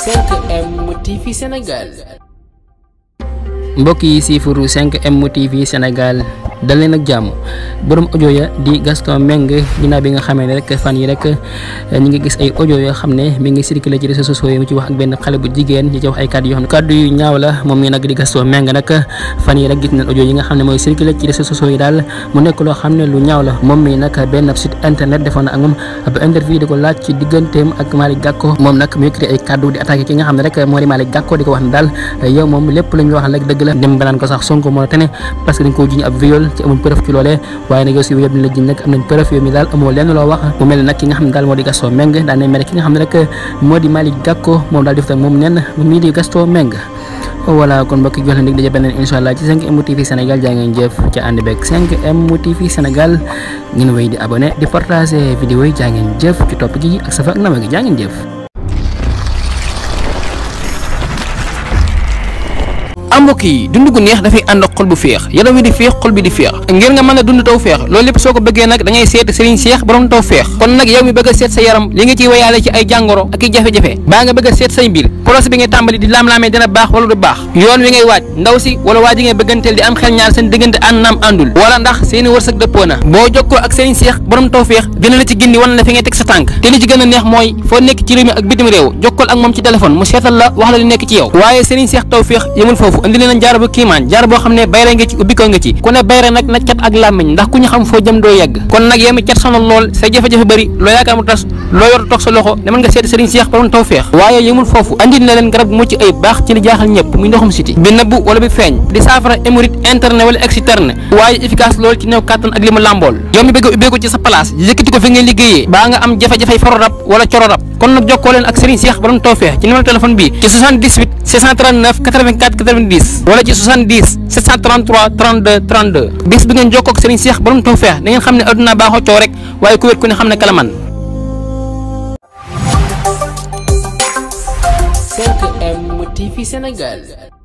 5M TV Sénégal mbokk yi siifuru 5M TV Sénégal dal leen ak jàmm borom audio ya di Gaston Mbengue ginnaaw bi nga xamee ne rek fan yi rek eh, ñi ngi gis ay audio yoo xam ne mi ngi circulé ci réseaux sociaux yi mu ne kàddu yu ñaaw la moom mi nag di Gaston Mbengue nag fan yi rek gis yi nga xam ne mooy circulé ci nekk loo xam ne lu ñaaw la moom mi nag benn site internet defoon na ak moom ab interview di ko laaj ci digganteem ak Malick Gakou moom nag mu yëkkati ay kàddu di attaqué ki nga xam ne rek moo di Malick Gakou di ko wax ne daal yow moom lépp lu wax rek dëgg la dem banaan ko sax Sonko moo tane parce ci amul preuve ci loolee waaye nag yow si yëpp ni la jiñ nag am nañ preuve yow mi daal amoo lenn loo wax mu mel nag ki nga xam ne daal moo di Gaston Mbengue daan na mere ki nga xam ne rek moo di Malick Gakou moom daal def nag moom nen mii di Gaston Mbengue voilà kon mbokk yi jox leen dig daje beneen incha allah ci 5M TV Sénégal jaa ngeen jëf ca ànd beeg 5M TV Sénégal ngeen wéy di abonné di partager vidéo yi jaa ngeen jëf ci topp gi ak safa ak nama gi jaa am mbokk yi dund gu neex dafay ànd ak xol bu féex yaram wi di féex xol bi di féex ngir nga mën a dund taw féex loolu lépp soo ko bëggee nag da ngay seet sëriñ seex borom a seet sa yaram li nga ciy wayaale ci ay a seet say mbir procès bi ngay tàmbali di laam-laamee dina baax wala du baax yoon wi ngay waaj wala waaj yi ngay bëgganteel di am xel ñaar seen diggante ànd naam àndul wala ndax seeni boo jokkoo ak sëriñ seex borom taw féex dina la ci gindi wan la teg sa tànk te li ci gën a neex mooy foo nekk ci réew mi ak bitim réew jokkool ak moom ci téléphone mu seetal la wax la li nekk ci yow waaye sëriñ seex taw féex yëmul foofu foofu indi leen jaar bu kiimaan jaar boo xam ne bayre ci ubbi ko nga ci ku ne bayre nag na cat ak làmmiñ ndax ku ñu xam foo jëm doo yegg kon nag yemi cat sonal lool say jafe-jafe bëri loo yaakaar mu tas loo yor toog sa loxo demal nga seet sëriñ Seex borom tawfeex waaye yemul foofu andi leen garab gu mucc ay baax ci li jaaxal ñëpp muy ndoxum siti bi nëbbu wala bi feeñ di saafara hémorroïde interne wala externe waaye efficace lool ci néew kàttan kon nag jokkoo leen ak Serigne Cheikh borom Tawfekh ci numéro téléphone bii ci 78 639 84 90 wala ci 70 733 32 32 bis bi ngeen jokkoo ak Serigne Cheikh borom Tawfekh da ngeen xam ne adduna baaxoo coow rek waaye ku wér ku ne xam ne kala